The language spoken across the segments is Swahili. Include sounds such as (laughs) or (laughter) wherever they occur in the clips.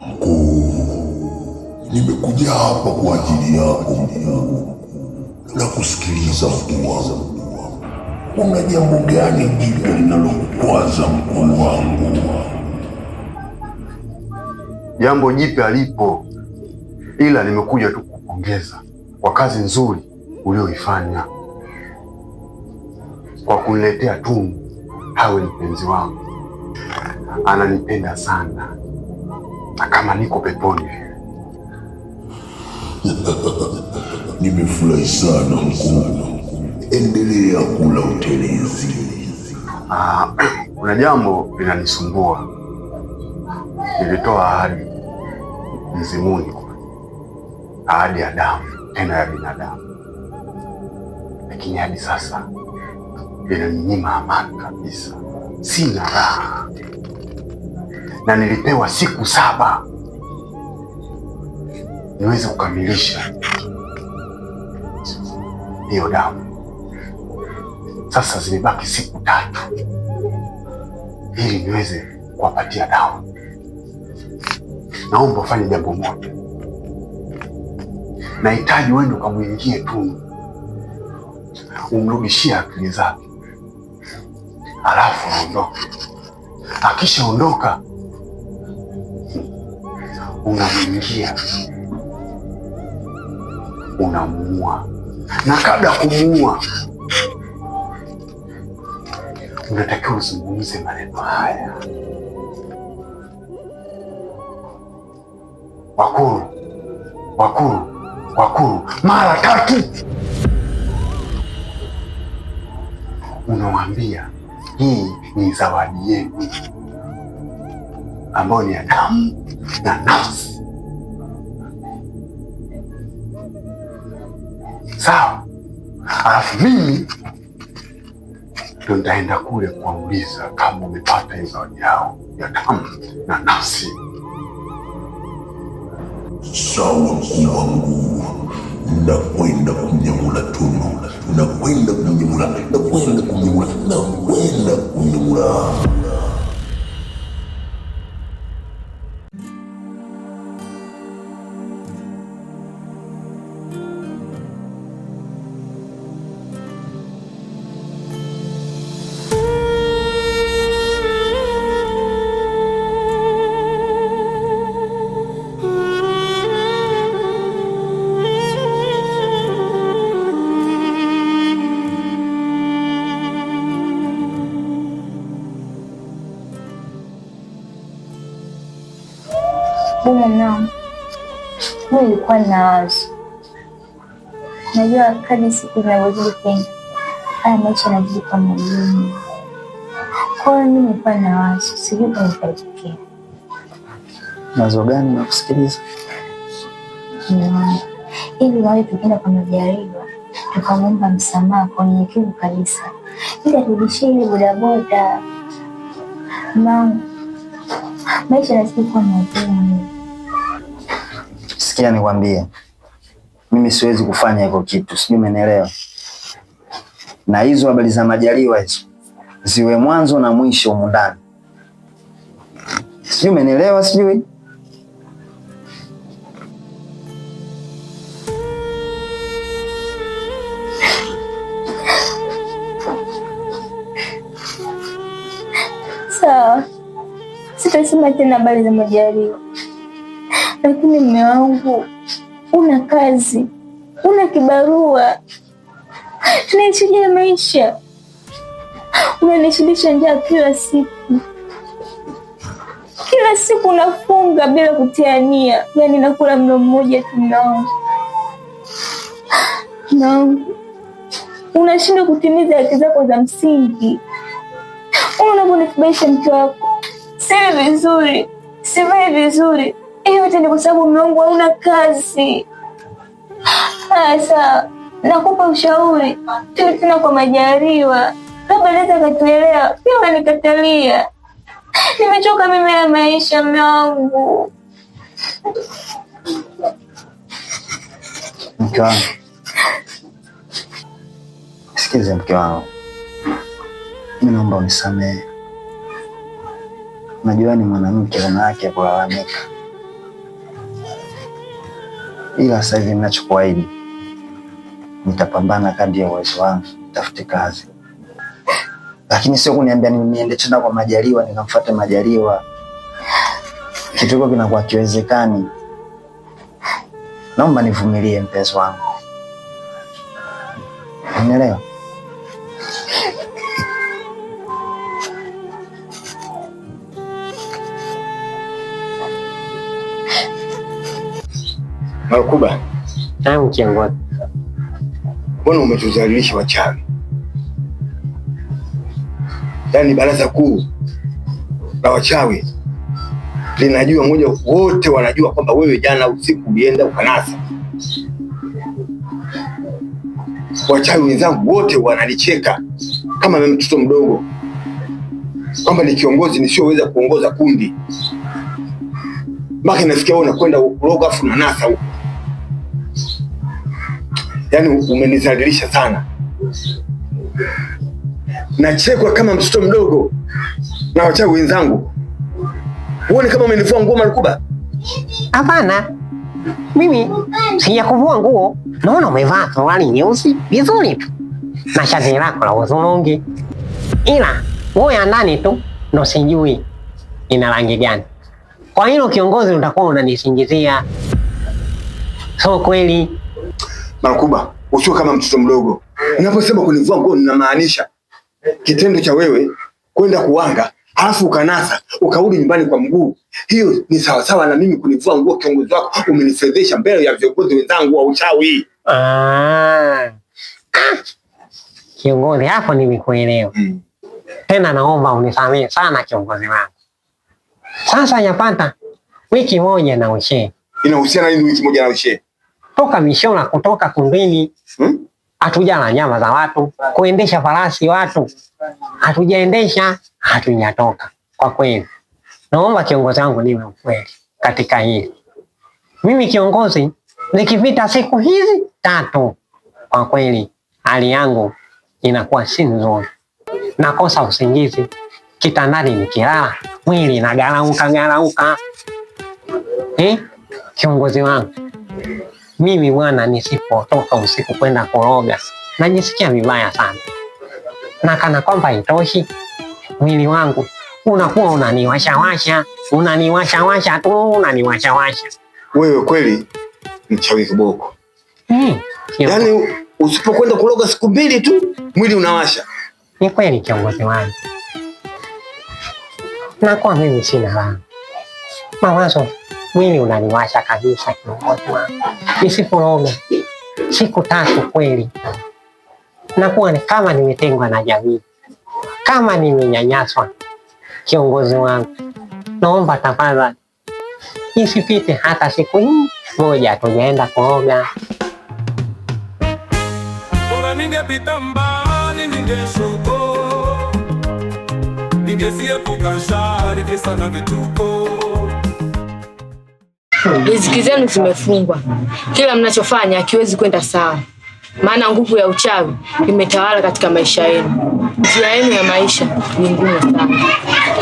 Mkuu, nimekuja hapa kwa ajili yako mkuu, na kusikiliza mkuu wangu. Kuna jambo gani jipya linalokwaza mkuu wangu? Jambo jipya lipo, ila nimekuja tu kukupongeza kwa kazi nzuri ulioifanya kwa kuniletea Tumu. Hawe mpenzi wangu, ananipenda sana na kama niko peponi. (laughs) Nimefurahi sana mkuu, endelea kula utelezi. Ah, (clears throat) kuna jambo linanisumbua. Nilitoa ahadi mzimuni, ahadi ya damu, tena ya binadamu, lakini hadi sasa inaninyima amani kabisa, sina raha na nilipewa siku saba niweze kukamilisha hiyo damu. Sasa zimebaki siku tatu ili niweze kuwapatia damu. Naomba ufanye jambo moja, nahitaji wende ukamwingie Tunu, umrudishie akili zake, alafu aondoke. Akishaondoka unamwingia, unamuua, na kabla ya kumuua unatakiwa uzungumze maneno haya: wakuru, wakuru, wakuru, mara tatu. Unawambia hii ni zawadi yenu ambayo ni ya damu na nafsi. Sawa. Alafu mimi ndo ntaenda kule kuwauliza kama umepata hiyo zawadi yao ya damu na nafsi. Sawa, mkuu wangu, nakwenda kumnyamula Tunu, nakwenda kumnyamula, nakwenda kumnyamula, nakwenda kumnyamula. nilikuwa nawazo, najua kadri siku zinavyozidi kwenda haya maisha yanazidi kuwa magumu. Kwa hiyo mimi nilikuwa nawazo, sijui kama itatokea. Wazo gani? Nakusikiliza. Hmm. Ili nawe tukienda kwa majaribu tukamwomba msamaha kwa unyenyekevu kabisa, ili aturudishie ile bodaboda. Mama, maisha yanazidi kuwa magumu. Sikia nikwambie, mimi siwezi kufanya hiko kitu, sijui umenielewa. Na hizo habari za Majaliwa hizo ziwe mwanzo na mwisho humu ndani, sijui umenielewa, sijui sawa. Sitasema tena habari za Majaliwa lakini mme wangu una kazi, una kibarua, tunaishije maisha? unanishidisha njaa kila siku, kila siku nafunga bila kutiania yani yaani nakula mlo mmoja tu. Mme wangu, mme wangu, unashindwa kutimiza haki zako za msingi. Unavyonifubaisha mke wako, sili vizuri, sivai vizuri yote ni kwa sababu mume wangu hauna kazi. Sasa nakupa ushauri tu tena, kwa Majaliwa, labda naweza katuelewa, pia unanikatalia. Nimechoka mimi ya maisha, mume wangu. Mke wangu, sikize mke wangu, mi naomba unisamehe. Najua ni mwanamke, wanawake kulalamika ila sasa hivi ninachokuahidi, nitapambana kadri ya uwezo wangu, tafute kazi, lakini sio kuniambia niende tena kwa Majaliwa nikamfuate Majaliwa. Kitu hiko kinakuwa kiwezekani. Naomba nivumilie mpenzi wangu, unaelewa? Alkuba, tangu kiongozi, mbona umetuzalilisha wachawi? Yaani baraza kuu la wachawi linajua moja, wote wanajua kwamba wewe jana usiku ulienda ukanasa. Wachawi wenzangu wote wanalicheka kama mimi mtoto mdogo, kwamba ni kiongozi nisioweza kuongoza kundi, mpaka nasikia wewe unakwenda kuroga afu na huko yani umenizalilisha sana. Nachekwa kama mtoto mdogo na wachawi wenzangu. Huoni kama umenivua nguo Marukuba? Hapana, mimi sijakuvua nguo. Naona umevaa suruali nyeusi vizuri tu na shati lako la uzurungi, ila nguo ya ndani tu ndo sijui ina rangi gani. Kwa hilo kiongozi, utakuwa unanisingizia. So kweli Marakuba, usiwe kama mtoto mdogo. Ninaposema kunivua nguo, ninamaanisha kitendo cha wewe kwenda kuwanga alafu ukanasa ukarudi nyumbani kwa mguu. Hiyo ni sawasawa na mimi kunivua nguo. Kiongozi wako umenifedhesha mbele ya viongozi wenzangu wa uchawi. Ah, ah. kiongozi, hapo nimekuelewa. Mm. Tena naomba unisamehe sana kiongozi wangu. Sasa yapata wiki moja na ushe. Inahusiana nini wiki moja na ushe? toka mishona kutoka kundini hmm? na nyama za watu, kuendesha farasi watu hatujaendesha, hatujatoka kwa kweli. Naomba kiongozi wangu niwe ukweli katika hili. Mimi kiongozi, nikipita siku hizi tatu, kwa kweli hali yangu inakuwa si nzuri, nakosa usingizi, kitandani nikilala mwili nagarauka garauka. Eh, kiongozi wangu mimi bwana, nisipotoka usiku kwenda kuroga najisikia vibaya sana, na kana kwamba itoshi, mwili wangu unakuwa unaniwashawasha, unaniwashawasha tu, unaniwashawasha. Wewe kweli mchawi kiboko. Hmm, yani usipokwenda kuoga siku mbili tu mwili unawasha. Ni kweli kiongozi wangu, nakuwa mimi sina raha mawazo mwili unaniwasha kabisa, kiongozi wangu, nisiporoge siku tatu kweli nakuwa ni kama nimetengwa na jamii, kama nimenyanyaswa. Kiongozi wangu, naomba tafadhali isipite hata siku hii moja, tujaenda kuoga. Bora ningepita mbali, ningeshuko, ningesiepuka shari, visa na vituko riziki zenu zimefungwa, kila mnachofanya hakiwezi kwenda sawa, maana nguvu ya uchawi imetawala katika maisha yenu. Njia yenu ya maisha ni ngumu sana,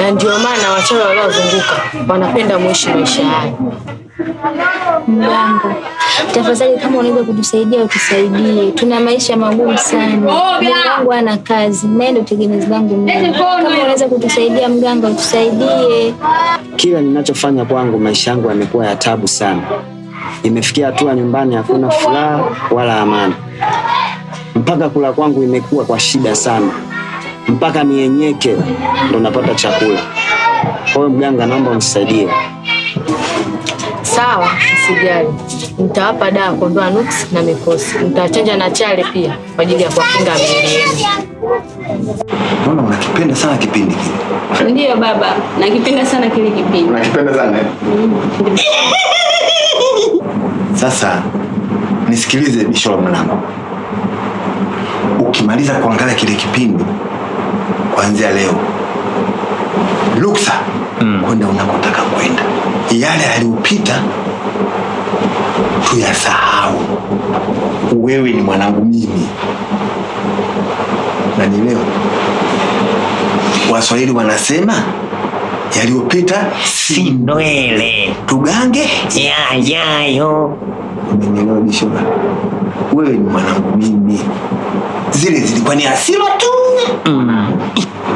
na ndio maana wachawi waliozunguka wanapenda mwishi maisha yao mlango. Tafadhali, kama unaweza kutusaidia utusaidie, tuna maisha magumu sana. Mume ana kazi, naye ndio tegemezi langu Kama unaweza kutusaidia mganga, utusaidie. Kila ninachofanya kwangu, maisha yangu yamekuwa ya tabu sana. Imefikia hatua nyumbani hakuna furaha wala amani, mpaka kula kwangu imekuwa kwa shida sana, mpaka nienyeke ndo napata chakula. Kwa hiyo mganga, naomba unisaidie. Sawa, sijali, nitawapa dawa kuondoa nuksi na mikosi, nitachanja na chale pia kwa ajili ya kuwakinga miili yenu. Mbona unakipenda sana kipindi kile? Ndiyo baba, nakipenda sana kile kipindi. Unakipenda sana eh? mm. Sasa nisikilize, Bishora mwanangu, ukimaliza kuangalia kile kipindi kuanzia leo, ruksa mm, kwenda unakotaka kwenda yale yaliyopita tuyasahau. Wewe ni mwanangu mimi, leo. Waswahili wanasema yaliyopita si ndwele, tugange yajayo. Umenielewa Wewe ni mwanangu mimi, zile zilikuwa ni hasira tu. mm.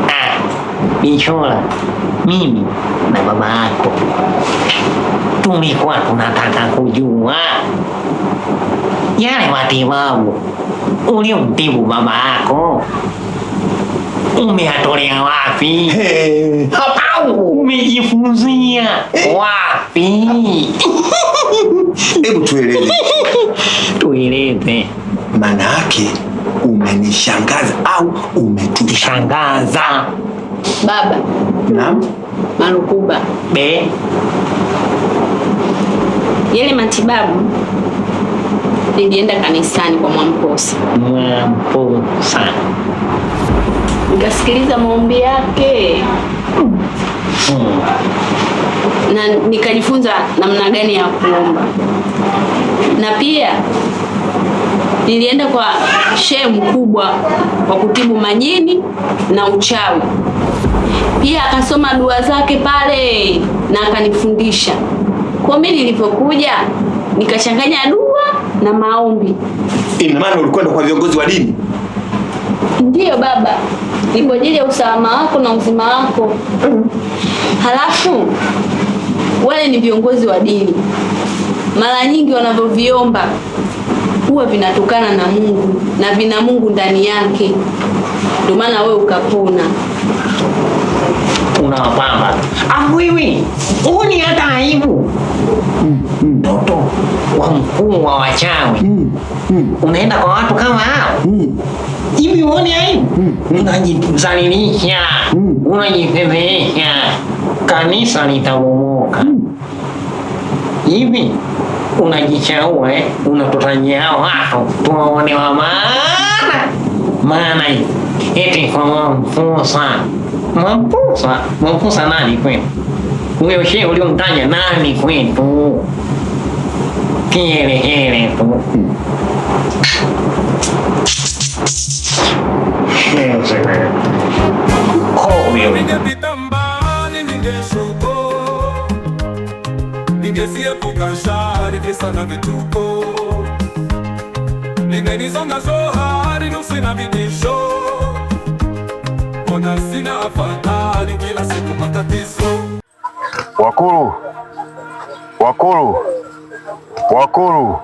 Ah, mimi na mama yako tumekuwa tunataka kujua yale matibabu uliomtibu mama yako umeatolea wapi? Hey. umejifunzia wapi? (laughs) Hebu tueleze, (laughs) tueleze maana yake. Umenishangaza au umetushangaza? Baba. Naam. Marukuba. Be. Yale matibabu nilienda kanisani kwa Mwamposa. Mwamposa. Nikasikiliza maombi yake. Hmm. Na nikajifunza namna gani ya kuomba na pia Nilienda kwa shehe mkubwa wa kutibu majini na uchawi, pia akasoma dua zake pale na akanifundisha. Kwa mimi nilipokuja nikachanganya dua na maombi. Ina maana ulikwenda kwa viongozi wa dini? Ndiyo baba, ni kwa ajili ya usalama wako na uzima wako. Halafu wale ni viongozi wa dini, mara nyingi wanavyoviomba huwa vinatokana na Mungu na vina Mungu ndani yake, ndio maana wewe ukapona. Unawapamba awiwi ah, huu ni hata aibu mtoto mm, mm, wa mkuu wa wachawi mm, mm, unaenda kwa watu kama hao mm, hivi uone aibu mm, mm, unajizalilisha mm, unajifedhehesha, kanisa litabomoka mm. hivi mm unajichaua eh, unatoka hao hapo tuone wa maana maana hii eti kwa Mwamposa. Mwamposa, Mwamposa nani kwenu? Huyo shehe uliomtaja nani kwetu? Kielehele tu Ningepita ningesiepuka sana vituko, nimeizwa zo hari nusu na vitisho, ona sina afadhali, kila siku matatizo. Wakulu, wakulu, wakulu,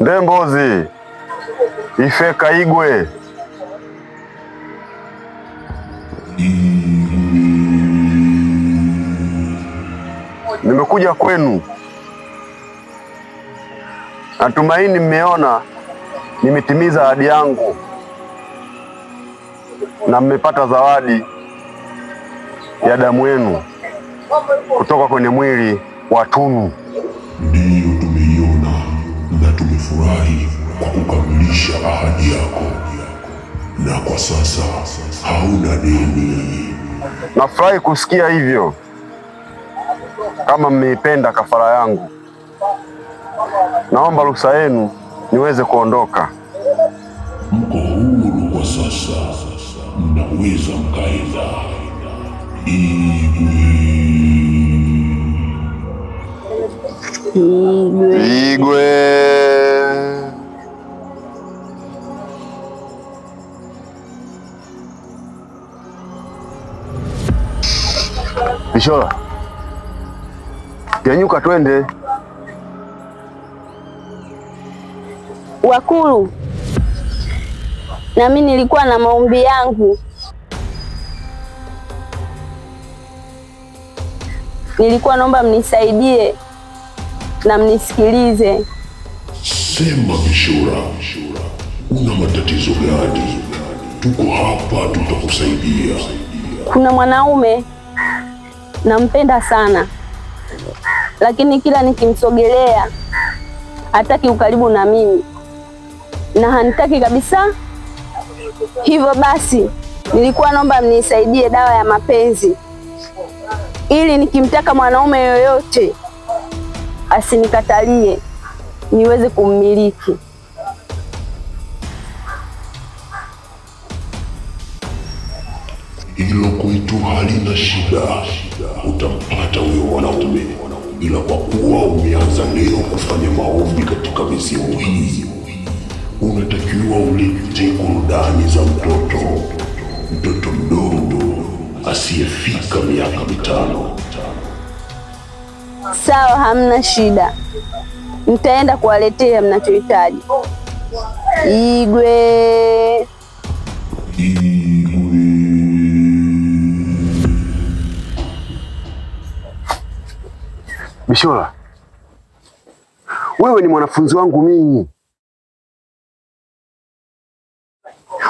ndembozi ifeka igwe nimekuja kwenu, natumaini mmeona nimetimiza ahadi yangu na mmepata zawadi ya damu yenu kutoka kwenye mwili wa Tunu. Ndiyo, tumeiona na tumefurahi kwa kukamilisha ahadi yako, na kwa sasa hauna deni. Nafurahi kusikia hivyo kama mmeipenda kafara yangu, naomba ruhusa yenu niweze kuondoka. Mko huru kwa sasa, mnaweza mkaenda. Igwe, Igwe. Yanyuka twende. Wakulu, nami nilikuwa na maombi yangu, nilikuwa naomba mnisaidie na mnisikilize. Sema Mishura, una matatizo gani? Tuko hapa tutakusaidia. Kuna mwanaume nampenda sana lakini kila nikimsogelea hataki ukaribu na mimi na hanitaki kabisa. Hivyo basi nilikuwa naomba mnisaidie dawa ya mapenzi, ili nikimtaka mwanaume yoyote asinikatalie niweze kummiliki. Hilo kwetu halina shida, utampata huyo mwanaume ila kwa kuwa umeanza leo kufanya maovu katika mizimu hii, unatakiwa ulete kurudani za mtoto mtoto mdogo asiyefika miaka mitano. Sawa, hamna shida, nitaenda kuwaletea mnachohitaji Igwe. Shola, wewe ni mwanafunzi wangu mimi,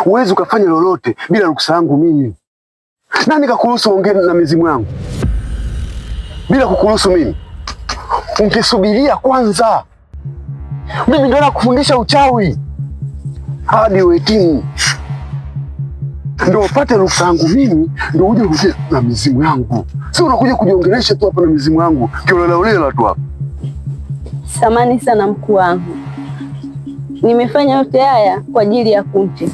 huwezi ukafanya lolote bila ruksa yangu mimi. Nani kakuruhusu ongee na mizimu yangu bila kukuruhusu mimi? Ungesubiria kwanza, mimi ndio nakufundisha uchawi hadi uhitimu ndio upate ruksa yangu mimi, ndio uje kuja na mizimu yangu, si unakuja kujiongelesha tu hapa na mizimu yangu kiolela kiolelaulela tu hapa. Samani sana mkuu wangu, nimefanya yote haya kwa ajili ya Kunti,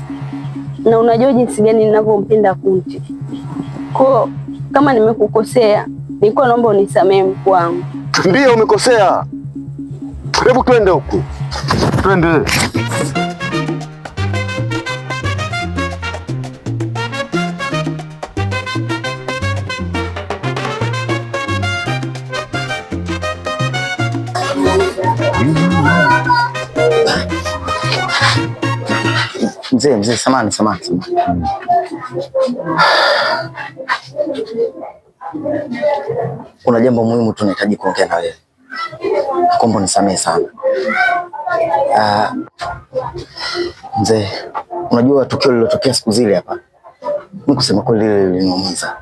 na unajua jinsi gani ninavyompenda Kunti. Kwa kama nimekukosea, nilikuwa naomba unisamehe mkuu wangu. Ndio umekosea, hebu twende huku, twende. Mzee, mzee, samani, samani, samani. Kuna jambo muhimu tu nahitaji kuongea na wewe. Naomba nisamehe sana. Uh, mzee, unajua tukio lililotokea siku zile hapa, mimi kusema kweli lile liliniumiza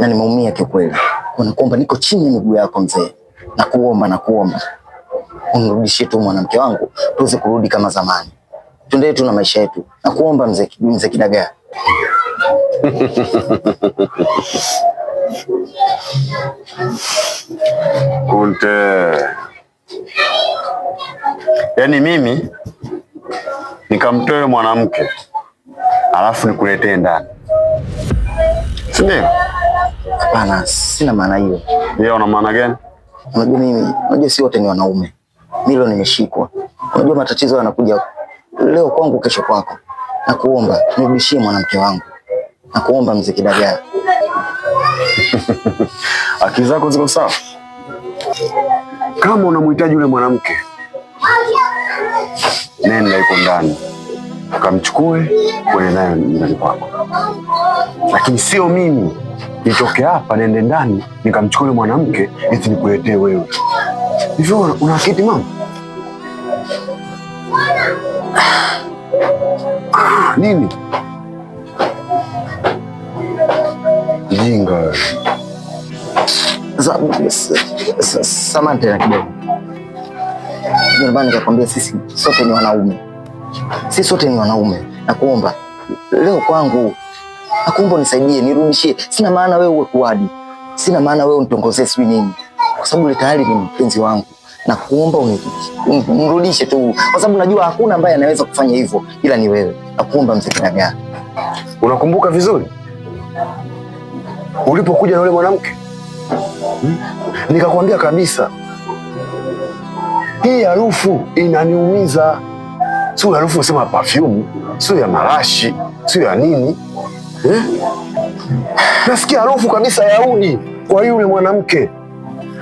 na nimeumia kiukweli. Nakuomba, niko chini ya miguu yako mzee, nakuomba, nakuomba unirudishie tu mwanamke wangu tuweze kurudi kama zamani tuendelee tu na maisha yetu. Nakuomba mzee, mzee Kidagaa. (laughs) Kunte, yaani mimi nikamtoe mwanamke alafu nikuletee ndani, si ndio? Hapana, sina maana hiyo. Yeye ana maana gani? Unajua mimi, unajua si wote ni wanaume. Milo nimeshikwa, unajua matatizo yanakuja leo kwangu, kesho kwako. Nakuomba nirudishie mwanamke wangu, nakuomba mzee Kidagaa. (laughs) Akili zako ziko sawa? Kama unamhitaji yule mwanamke, nenda, yuko ndani, ukamchukue kwenye naye ndani kwako, lakini sio mimi nitoke hapa niende ndani nikamchukue yule mwanamke eti nikuletee wewe. Hivyo una akili mama? nini? Jinga Samantha tena kidogo. Nyumbani nikakwambia, sisi sote ni wanaume, sisi sote ni wanaume. Nakuomba leo kwangu, nakuomba nisaidie, nirudishie. Sina maana wewe uwe kuadi, sina maana wewe unitongozee sijui nini, kwa sababu tayari ni mpenzi wangu na kuomba umrudishe tu, kwa sababu najua hakuna ambaye anaweza kufanya hivyo ila ni wewe. Nakuomba mzee Kinyaga, unakumbuka vizuri ulipokuja na yule mwanamke hmm? Nikakwambia kabisa hii harufu inaniumiza, sio harufu usema perfume, sio ya marashi, sio ya nini eh? Nasikia harufu kabisa ya udi kwa yule mwanamke,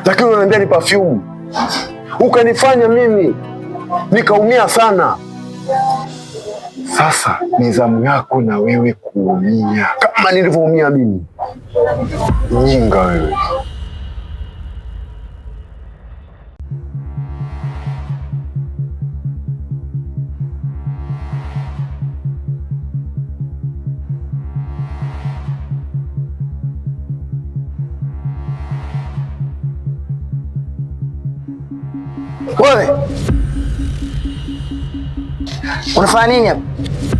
lakini unaniambia ni perfume ukanifanya mimi nikaumia sana. Sasa ni zamu yako na wewe kuumia kama nilivyoumia mimi. Mjinga wewe. Unafanya nini hapa?